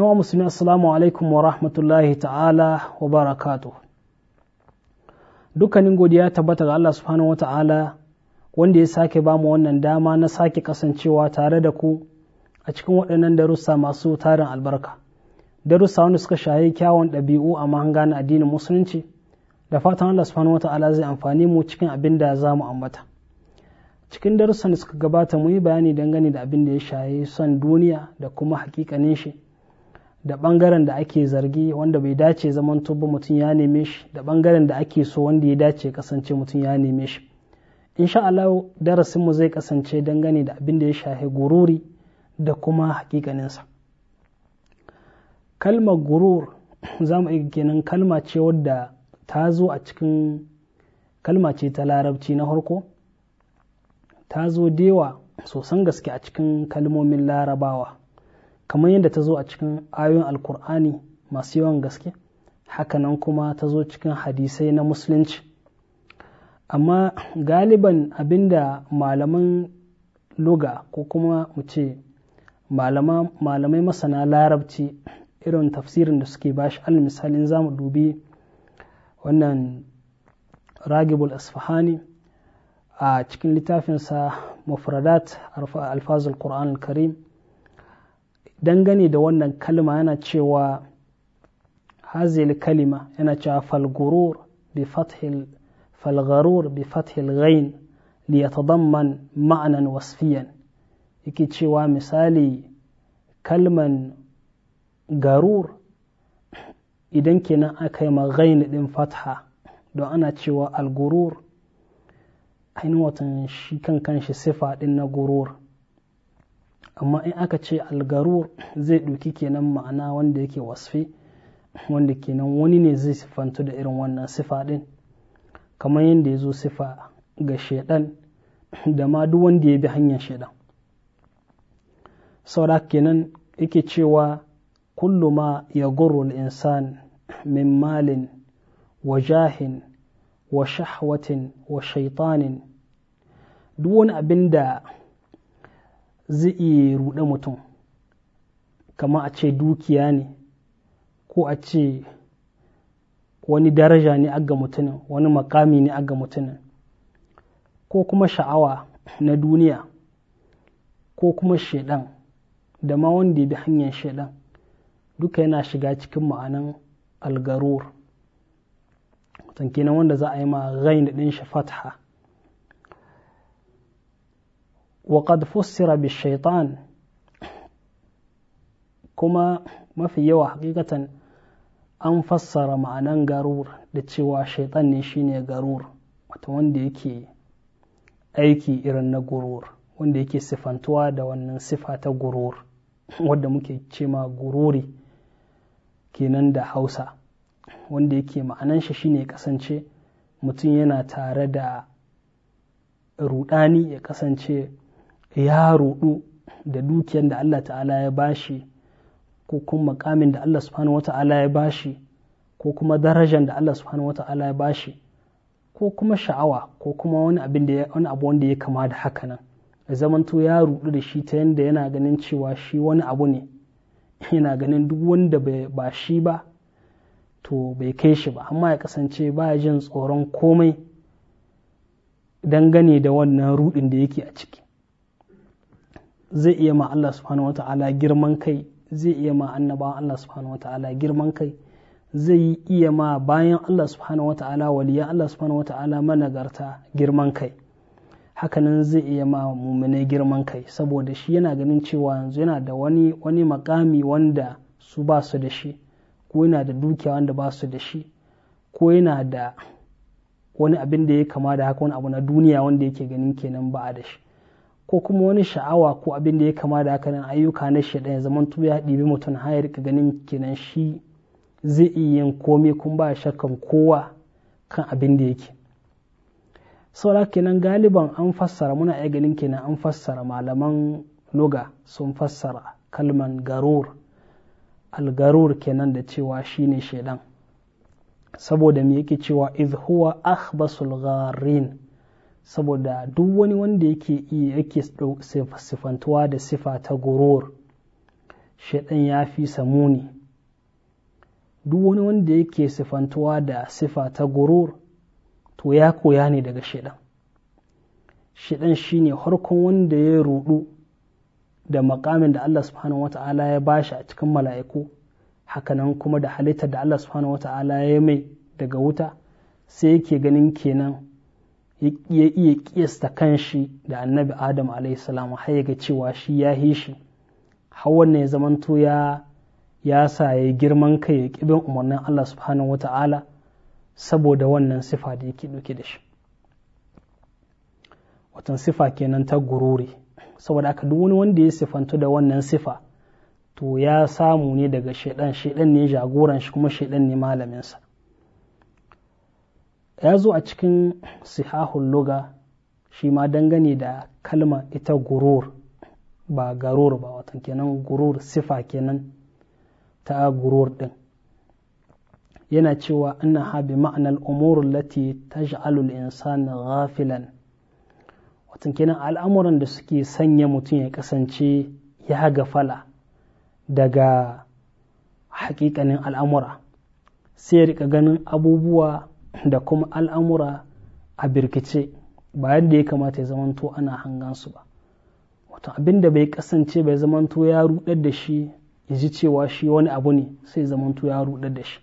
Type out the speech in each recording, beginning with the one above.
yawan musulmi assalamu alaikum wa rahmatullahi ta'ala wa barakatu dukkanin godiya tabbata ga Allah subhanahu wa ta'ala wanda ya sake bamu wannan dama na sake kasancewa tare da ku a cikin waɗannan darussa masu tarin albarka darussa wanda suka shahi kyawun ɗabi'u a mahanga na addinin musulunci da fatan Allah subhanahu wa ta'ala zai amfani mu cikin abin da za mu ambata cikin darussan da suka gabata mu yi bayani dangane da abin da ya shahi son duniya da kuma hakikanin shi da ɓangaren da ake zargi wanda bai dace zaman ba mutum ya neme shi da ɓangaren da ake so wanda ya dace kasance mutum ya neme shi insha Allah darasinmu zai kasance dangane da abin da ya shahi gururi da kuma hakikaninsa kalmar gurur za mu iya kenan kalma ce wadda ta zo a cikin kalma ce ta larabci na harko ta zo dewa sosan gaske a cikin kalmomin larabawa kamar yadda ta zo a cikin ayoyin alkur'ani masu yawan gaske hakanan kuma ta zo cikin hadisai na musulunci amma galiban abinda malaman loga ko kuma mu ce malamai masana larabci irin tafsirin da suke bashi al misalin za mu dubi wannan ragibul asfahani a cikin littafinsa mufradat alfazul qur'an al-karim dangane da wannan kalma yana cewa hazil kalima yana cewa falgurur bi fathil falgarur bi fathil ghain li yatadamman ma'anan wasfiyan yake cewa misali kalman garur idan kenan aka yi maghain din fatha don ana cewa algurur ainihin watan shi kan kanshi sifa din na gurur amma in aka ce algarur zai ɗauki kenan ma'ana wanda yake wasfi wanda kenan wani ne zai siffantu da irin wannan sifa ɗin kamar yadda ya zo sifa ga shaidan da ma duk wanda ya bi hanyar shaidan saura kenan yake cewa kullu ma ya insan min malin wa jahin wa shahwatin wa shaitanin duk wani abin da zai iya ruɗe mutum kama a ce dukiya ne ko a ce wani daraja ne aga mutumin wani makami ne aga mutumin ko kuma sha'awa na duniya ko kuma shaidan da ma wanda ya bi hanyar shaidan duka yana shiga cikin ma'anan algarur na wanda za a yi ma ghain din shi fatha وقد فسر بالشيطان kuma mafi yawa hakikatan an fassara ma'anan garur da cewa shaitan ne shine garur wata wanda yake aiki irin na gurur wanda yake sifantuwa da wannan sifa ta gurur wadda muke ce ma gururi kenan da hausa wanda yake ma'anan shi shine kasance mutum yana tare da rudani ya kasance ya rudu da dukiyar da Allah ta'ala ya bashi ko kuma makamin da Allah subhanahu wa ta'ala ya bashi ko kuma darajar da Allah subhanahu wa ta'ala ya bashi ko kuma sha'awa ko kuma wani abin da wani abu wanda ya kama da haka nan zamanto ya rudu da shi ta yanda yana ganin cewa shi wani abu ne yana ganin duk wanda ba shi ba to bai kai shi ba amma ya kasance ba jin tsoron komai dangane da wannan ruɗin da yake a ciki zai iya ma Allah subhanahu wa ta'ala girman kai zai iya ma annabawan Allah subhanahu wa ta'ala girman kai zai iya ma bayan Allah subhanahu wa ta'ala waliyan Allah subhanahu wa ta'ala managarta girman kai hakanan zai iya ma mumine girman kai saboda shi yana ganin cewa yanzu yana da wani wani makami wanda su ba su da shi ko yana da dukiya wanda ba su da shi ko yana da wani abin da ya kama da haka wani abu na duniya wanda yake ganin kenan ba a da shi ko kuma wani sha'awa ko abin da ya kama da haka nan ayyuka na shaɗa ya zamantu ya ɗibi mutum hayar ka ganin kenan shi zai iya yin komai kuma ba shakkan kowa kan abin da yake saboda kenan galiban an fassara muna iya ganin kenan an fassara malaman loga sun fassara kalman garur algarur kenan da cewa shine shaidan saboda me yake cewa iz huwa akhbasul gharin saboda duk wani wanda yake iya yake sifantuwa da sifa ta gurur shaidan ya fi samuni duk wani wanda yake sifantuwa da sifa ta gurur to ya koya ne daga shaidan shaidan shine harkon wanda ya rudu da makamin da Allah subhanahu wata'ala ya bashi a cikin mala'iku hakanan kuma da halittar da Allah subhanahu wata'ala ya mai daga wuta sai yake ganin kenan ya iya kiyasta kanshi da annabi adam salam har ya ga cewa shi ya yi shi har wannan ya zamanto ya ya sa ya girman kai ya ƙibin umarnin Allah subhanahu wata'ala saboda wannan sifa da yake ɗauke da shi watan sifa kenan ta gururi saboda aka duk wani wanda ya sifantu da wannan sifa to ya samu ne daga shaidan shaidan ne jagoran shi kuma shaidan ne malaminsa ya zo a cikin sihahun luga shi ma dangane da kalma ita gurur ba garur ba watan kenan gurur sifa kenan ta gurur din yana cewa ana habi ma'anar umurun lati ta taj'alul insan ghafilan watan kenan al'amuran da suke sanya mutum ya kasance ya fala daga hakikanin al'amura sai ya rika ganin abubuwa da kuma al'amura a birkice ba yadda ya kamata ya zamanto ana hangansu ba wato abin da bai kasance bai zamanto ya rudar da shi ya ji cewa shi wani abu ne sai zamanto ya rudar da shi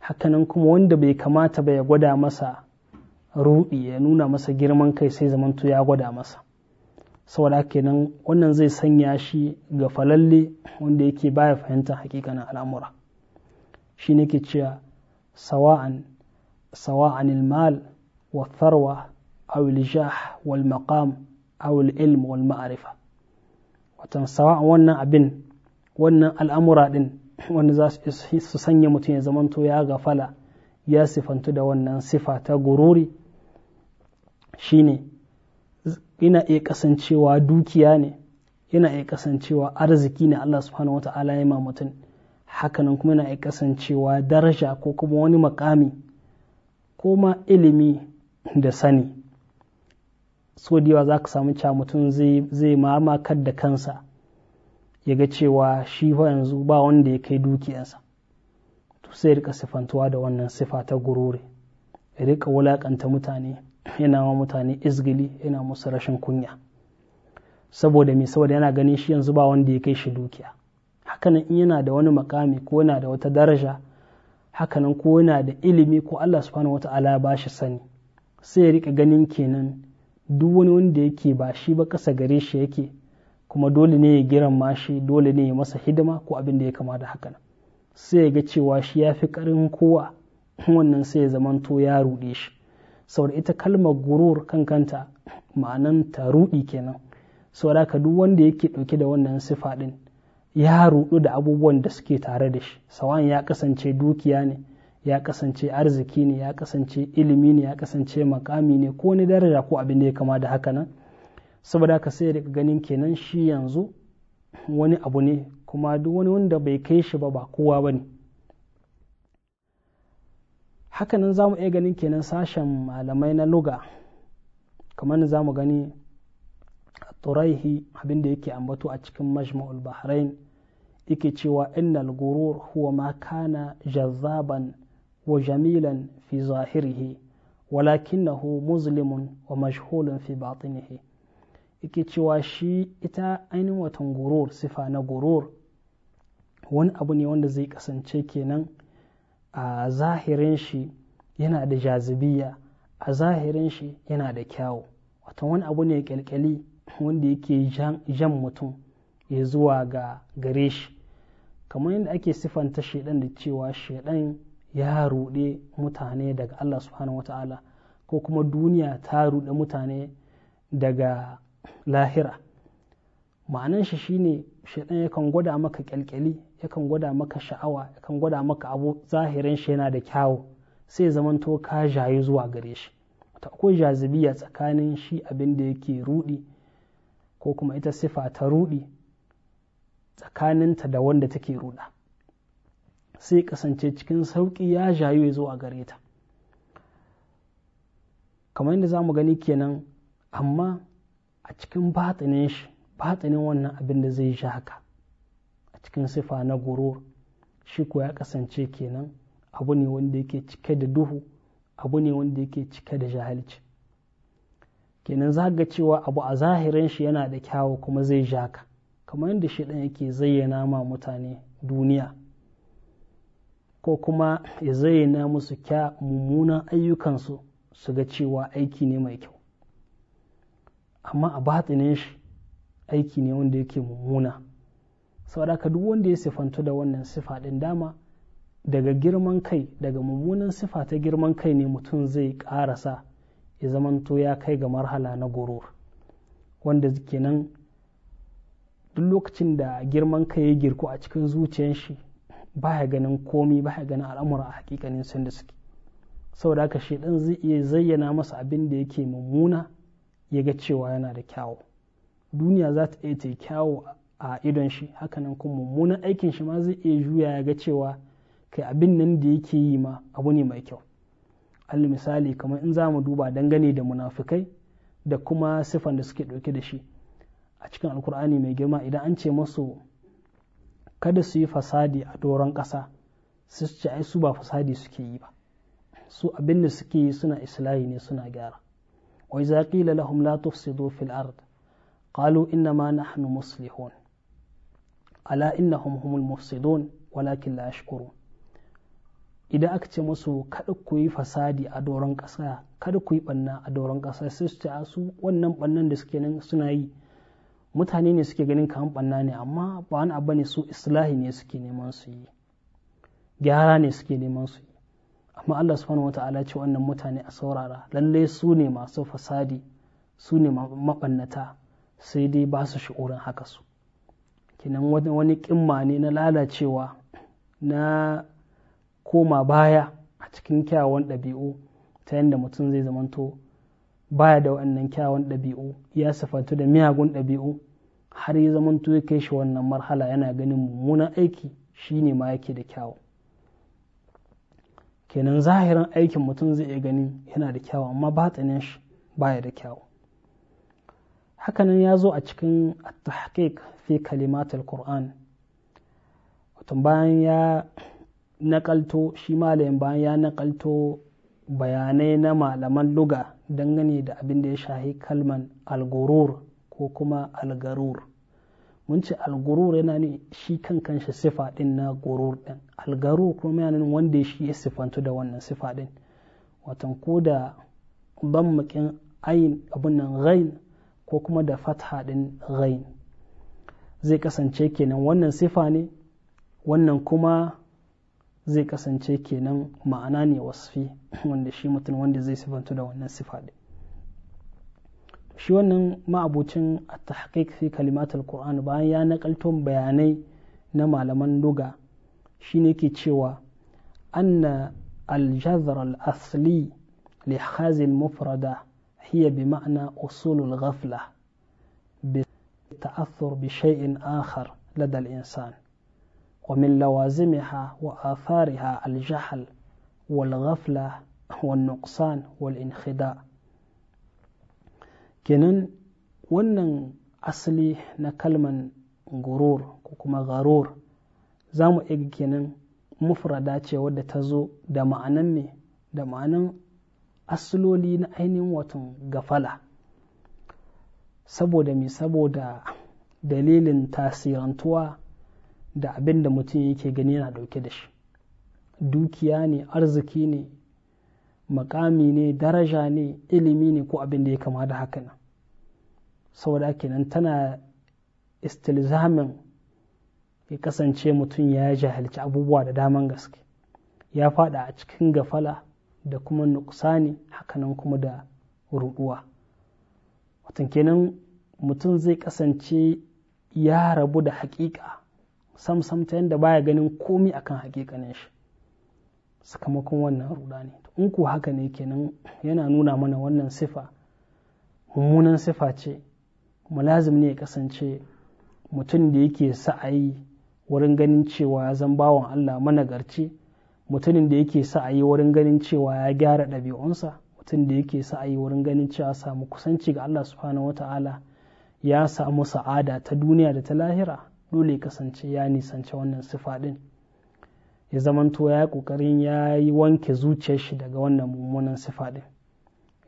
hakanan kuma wanda bai kamata ba ya gwada masa ruɗi ya nuna masa girman kai sai zamanto ya gwada masa saboda kenan wannan zai sanya shi ga falalle wanda yake baya fahimta hakikanin al'amura shi ne ke cewa sawa'an سواء المال والثروة أو الجاه والمقام أو العلم والمعرفة watan sawa'an wannan abin wannan al'amura ɗin wanda za su sanya mutum ya zamanto ya ga fala ya sifantu da wannan sifa ta gururi shine yana iya kasancewa dukiya ne yana iya kasancewa arziki ne Allah subhanahu wa ya ma mutum hakanan kuma yana iya kasancewa daraja ko kuma wani makami ko ma ilimi da sani so diwa za ka samu cewa mutum zai mamakar da kansa ya ga cewa shi fa yanzu ba wanda ya kai dukiyarsa to sai rika sifantuwa da wannan sifa ta gurure ya rika wulakanta mutane yana wa mutane izgili yana musu rashin kunya saboda mai saboda yana ganin shi yanzu ba wanda ya kai shi dukiya hakanan in yana da wani makami ko yana da wata daraja hakanan ko yana da ilimi ko Allah subhanahu ta'ala ba shi sani sai ya rika ganin kenan duk wani wanda yake ba shi ba kasa gare shi yake kuma dole ne ya ma shi dole ne ya masa hidima ko abin da ya kama da hakan sai ya ga cewa shi ya fi karin kowa wannan sai ya zamanto ya ruɗe shi saboda ita kalmar gurur kan kanta ma'anan ta ruɗi kenan saboda ka duk wanda yake ɗauke da wannan sifa ɗin ya rudu da abubuwan da suke tare da shi sawan ya kasance dukiya ne ya kasance arziki ne ya kasance ilimi ne ya kasance makami ne ko ni daraja ko abin da ya kama da haka nan saboda haka sai da ganin kenan shi yanzu wani abu ne kuma duk wani wanda bai kai shi ba ba kowa bane haka hakanan zamu iya ganin kenan sashen malamai na luga kamar zamu mu gani turaihi abinda yake ambato a cikin majma'ul bahrain yake cewa innal gurur huwa ma kana jazzaban wa jamilan fi zahirihi walakinahu muzlimun wa mashhulun fi batinihi yake cewa shi ita ainihin watan gurur sifa na gurur wani abu ne wanda zai kasance kenan a zahirin shi yana da jazibiya a zahirin shi yana da kyawu wata wani abu ne kyalkyali wanda yake jan mutum ya zuwa ga gare shi kamar yadda ake siffanta shaidan da cewa shaidan ya ruɗe mutane daga Allah subhanahu wata'ala ko kuma duniya ta ruɗe mutane daga lahira ma'anan shi shine shaidan yakan gwada maka kyalkyali yakan gwada maka sha'awa yakan gwada maka abu zahirin shi yana da kyawu sai zamanto ka jayi zuwa gare shi ta akwai jazibiya tsakanin shi abin da yake rudi ko kuma ita sifa ta rudi tsakaninta da wanda take ruɗa sai kasance cikin sauƙi ya jayu ya zo a gare ta kamar yadda za mu gani kenan amma a cikin batsinin shi batsinin wannan abin da zai sha haka a cikin sifa na goro shi ko ya kasance kenan abu ne wanda yake cike da duhu abu ne wanda yake cike da jahilci kenan za ga cewa abu a zahirin shi yana da kyawu kuma zai ja ka kamar yadda shi ɗan yake zayyana ma mutane duniya ko kuma ya zayyana musu kya mummunan ayyukansu su ga cewa aiki ne mai kyau amma a batinin shi aiki ne wanda yake mummuna saboda duk wanda ya sifantu da wannan sifa ɗin dama daga girman kai daga mummunan sifa ta girman kai ne mutum zai ƙarasa ya zamanto ya kai ga marhala na gurur wanda kenan duk lokacin da girman ka ya girku a cikin zuciyar shi ya ganin komi ba ya ganin al'amura a hakikanin sanda suke saboda haka shaidan zai iya zayyana masa abin da yake mummuna ya ga cewa yana da kyawu duniya za ta iya ta kyawu a idon shi hakanan kuma mummunan aikin shi ma zai iya juya ya ga cewa kai abin nan da yake yi ma abu ne mai kyau al misali kamar in za mu duba dangane da munafukai da kuma siffan da suke ɗauke da shi a cikin alkur'ani mai girma idan an ce masu kada su yi fasadi a doron ƙasa su ce ai su ba fasadi suke yi ba su abin da suke yi suna islahi ne suna gyara wai za qila lahum la tufsidu fil ard qalu inna ma nahnu muslihun ala innahum humul mufsidun walakin la yashkurun idan aka ce musu kada ku yi fasadi a doron ƙasa kada ku yi banna a doron ƙasa sai su ce su wannan bannan da suke nan suna yi mutane ne suke ganin kamar banna ne amma ba wani abu ne su islahi ne suke neman su yi gyara ne suke neman su yi amma Allah subhanahu Ta'ala ce wannan mutane a saurara lalle su ne masu fasadi su ne mabannata sai dai ba su shi'urin haka su kinan wani kimma ne na lalacewa na koma baya a cikin kyawun ɗabi'u ta yadda mutum zai zamanto baya da wannan kyawun ɗabi'u ya sifatu da miyagun ɗabi'u har ya zamanto ya kai shi wannan marhala yana ganin mummunan aiki shine ma yake da kyawu kenan zahirin aikin mutum zai iya gani yana da kyawu amma batsanin shi baya da kyawu hakanan ya zo a cikin at-tahqiq fi kalimat al-qur'an wato bayan ya nakalto shi malamin bayan ya nakalto bayanai na malaman luga dangane da abin da ya shahi kalman al-gurur ko kuma algarur mun ce algarur yana ne shi kan kanshi sifa din na gurur din algarur kuma yana ne wanda shi ya sifantu da wannan sifa din watan ko da ban makin ayin abun nan ghain ko kuma da fatha din ghain zai kasance kenan wannan sifa ne wannan kuma zai kasance kenan ma'ana ne wasfi wanda shi mutum wanda zai sifantu da wannan sifa din shi wannan ma'abucin a tahqiq fi kalimatul qur'an bayan ya nakalto bayanai na malaman luga shine ke cewa anna al-jazr al-asli li hazil mufrada hiya bi ma'na usulul ghafla bi ta'athur bi shay'in akhar lada al-insan ومن لوازمها وآثارها الجهل والغفلة والنقصان والانخداع kenan wannan asali na kalman gurur ko kuma garur za mu iya kenan mufrada ce wadda ta zo da ma'anan ne da ma'anan asaloli na ainihin watan gafala saboda mi saboda dalilin tasirantuwa da abin da mutum yake gani yana dauke da shi dukiya ne arziki ne makami ne daraja ne ilimi ne ko abin da ya kama da haka nan saboda kenan tana istilzamin ya kasance mutum ya jahilci abubuwa da daman gaske ya fada a cikin gafala da kuma nuksani hakanan kuma da ruɗuwa watan kenan mutum zai kasance ya rabu da hakika sam sam ta yadda baya ganin komi akan hakikanin shi sakamakon wannan ruɗani in ku haka ne kenan yana nuna mana wannan sifa mummunan sifa ce kuma ne ya kasance mutum da yake sa'ayi wurin ganin cewa ya zan bawan Allah managarci mutumin da yake sa'ayi wurin ganin cewa ya gyara ɗabi'unsa mutum da yake sa'ayi wurin ganin cewa samu kusanci ga Allah subhanahu wata'ala ya samu sa'ada ta duniya da ta lahira dole kasance ya nisanci wannan sifa ɗin ya zamanto ya yi ƙoƙarin ya yi wanke zuciyar shi daga wannan mummunan sifa ɗin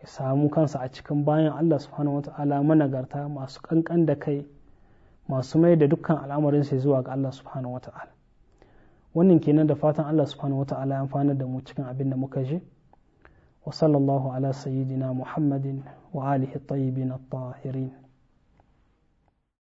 ya samu kansa a cikin bayan Allah subhanahu wa ta'ala managarta masu ƙanƙan da kai masu mai da dukkan al'amarin sai zuwa ga Allah subhanahu wa ta'ala wannan kenan da fatan Allah subhanahu wa ta'ala ya amfana da mu cikin abin da muka ji wa ala sayyidina muhammadin wa alihi tayyibin at-tahirin